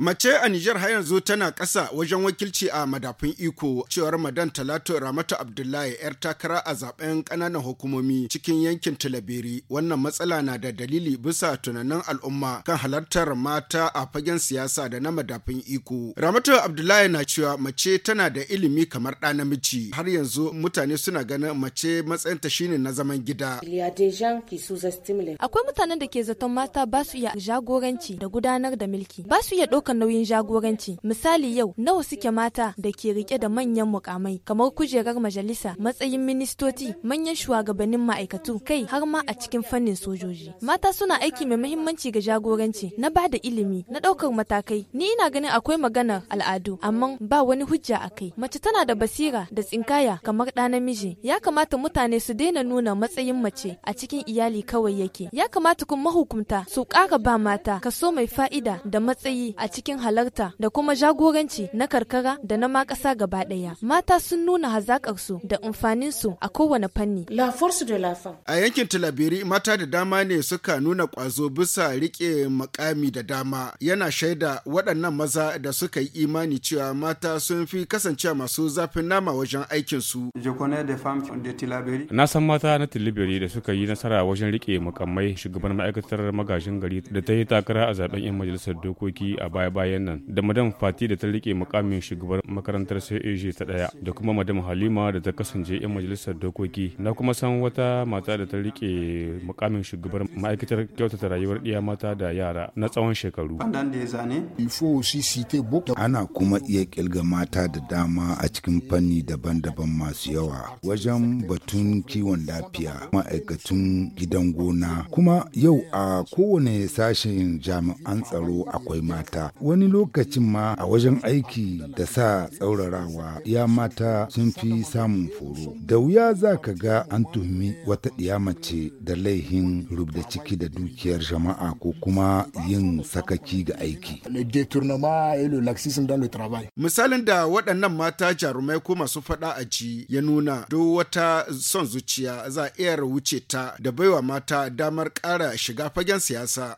Mace a Nijar har yanzu tana kasa wajen wakilci a madafin iko cewar madan Talatu Ramatu Abdullahi 'yar takara a zaben ƙananan hukumomi cikin yankin Tilaberi. Wannan matsala na da dalili bisa tunanin al'umma kan halartar mata a fagen siyasa da na madafin iko. Ramatu Abdullahi na cewa mace tana da ilimi kamar ɗa namiji. Har yanzu mutane suna ganin mace matsayin matsayinta shine na zaman gida. Akwai mutanen da ke zaton mata ba su iya jagoranci da gudanar da mulki. Ba su iya ɗaukar nauyin jagoranci. Misali yau nawa suke mata da ke rike da manyan mukamai kamar kujerar majalisa, matsayin ministoci, manyan shugabannin ma'aikatu, kai har ma a cikin fannin sojoji. Mata suna aiki mai muhimmanci ga jagoranci na ba da ilimi, na ɗaukar matakai. Ni ina ganin akwai maganar al'adu, amma ba wani hujja a kai. Mace tana da basira da tsinkaya kamar ɗa namiji. Ya kamata mutane su daina nuna matsayin mace a cikin iyali kawai yake. Ya kamata kuma mahukunta su ƙara ba mata kaso mai fa'ida da matsayi a cikin cikin halarta da kuma jagoranci na karkara da na ma ƙasa gaba ɗaya. Mata sun nuna hazaƙarsu da amfaninsu a kowane fanni. La force de la femme. A yankin Tilabiri mata da dama ne suka nuna ƙwazo bisa riƙe makami da dama. Yana shaida waɗannan maza da suka yi imani cewa mata sun fi kasancewa masu zafin nama wajen aikinsu. Na san mata na Tilabiri da suka yi nasara wajen riƙe makamai shugaban ma'aikatar magajin gari da ta yi takara a zaben 'yan majalisar dokoki a baya baya-bayan nan da madam fati da ta rike mukamin shugaban makarantar CAG ta daya da kuma madam halima da ta kasance yan majalisar dokoki na kuma san wata mata da ta rike mukamin shugabar ma'aikatar kyautata rayuwar iya mata da yara na tsawon shekaru ana kuma iya kilga mata da dama a cikin fanni daban-daban masu yawa wajen batun kiwon lafiya ma'aikatun gidan gona kuma yau a kowane sashen jami'an tsaro akwai mata wani lokacin ma a wajen aiki da sa tsaurarawa ya mata sun fi samun foro da wuya za ka ga an tuhumi wata ɗiya mace da laihin rubda ciki da dukiyar jama'a ko kuma yin sakaki ga aiki misalin da waɗannan mata jarumai ko masu faɗa a ji ya nuna duk wata son zuciya za a iya wuce ta da baiwa mata damar ƙara shiga fagen siyasa